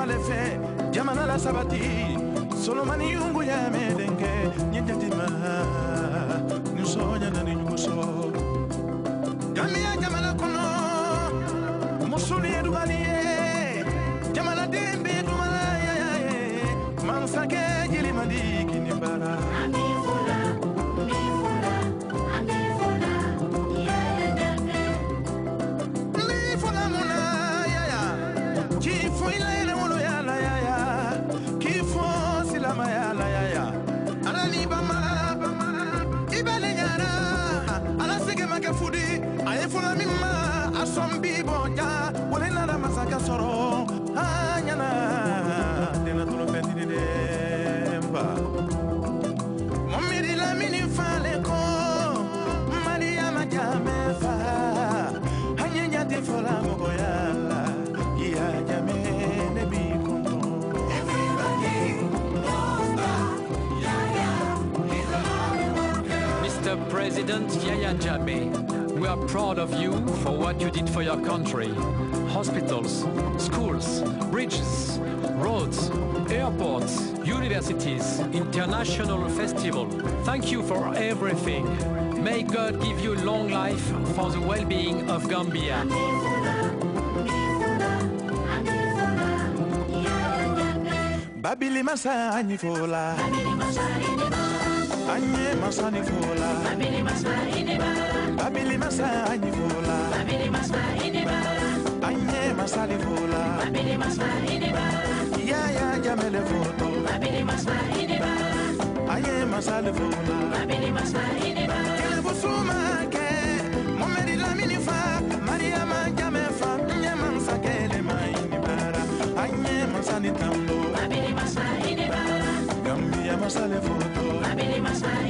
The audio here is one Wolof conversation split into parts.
male fɛ jamana la sabati solomani yungu ya medenkɛ ɲɛ jatima ni sɔɲana ni ɲugu sɔ gamiya jamana kɔnɔ musuni ye dugani ye jamanaden be dumalaya ye mansakɛ jelimadi kini bara Fui lá Mr. President Yaya Jammeh, we are proud of you for what you did for your country. Hospitals, schools, bridges, roads, airports, universities, international festival. Thank you for everything. May God give you long life for the well-being of Gambia. Babili masa anifola. Babili masa anye masa ni fola babili masa ini bara babili masa anye fola babili masa ini bara anye masa ni fola babili masa ini bara ya ya jamele foto babili masa ini bara anye masa ni fola babili masa ini bara kele busuma ke momeri lamini fa ma jame fa nye mansa kele mai ni bara anye masa ni tambo babili masa ini bara gambia masa ni foto Christmas.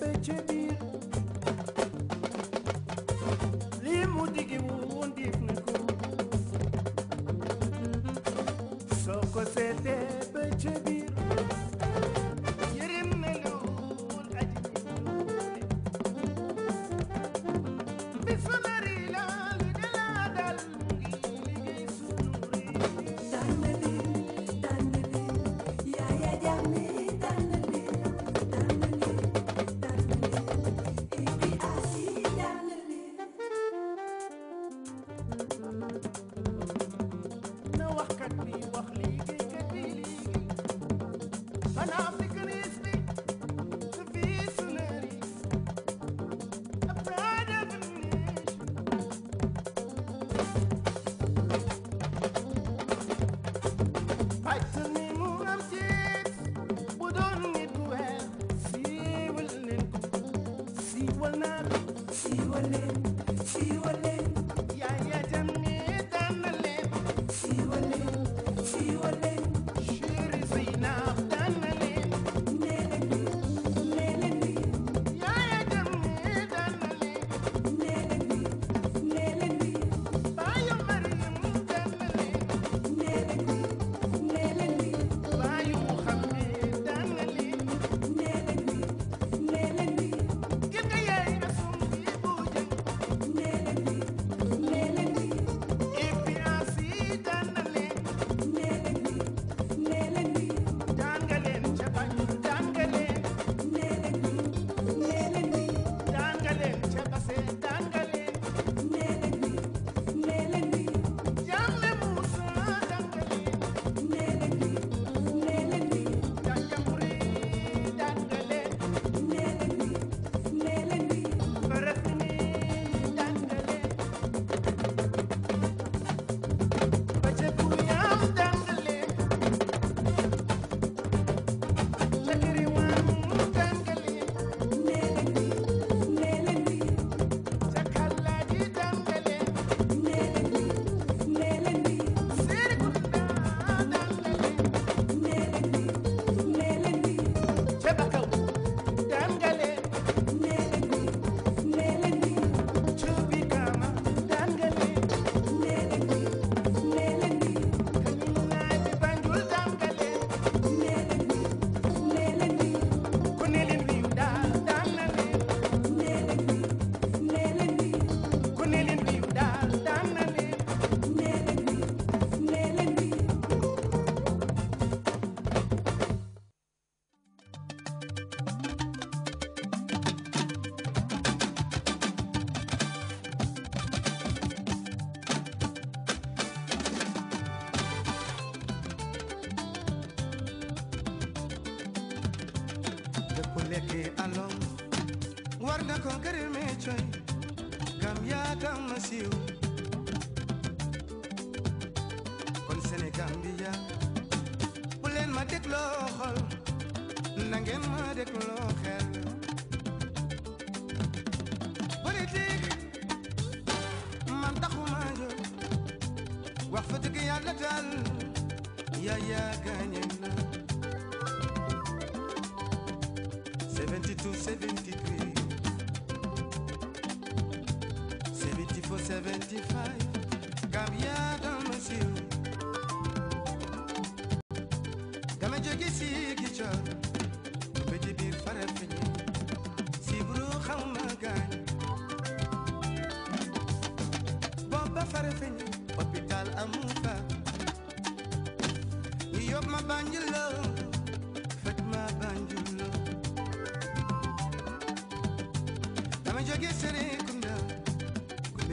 léppay ci biir lii mu digi woon dig na ko soo ko seetee lekke along war nga ko gërëme coy gam yaa tax ma siiw kon Sénégal bi ya bu leen ma dégloo xol na ngeen ma dégloo xel politique man taxuma jóg wax fa dëgg yàlla daal yaa yaa 75 Gambia dama siiw dama jóge si gi coor biir Farafeñi si buru xaw gaañ booba Farafeñi hôpital amu fa ñu ma Banjul loo ma Banjul dama jóge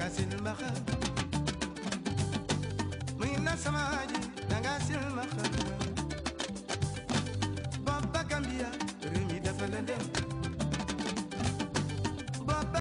danga silmaxa muy na sama ji danga silmaxa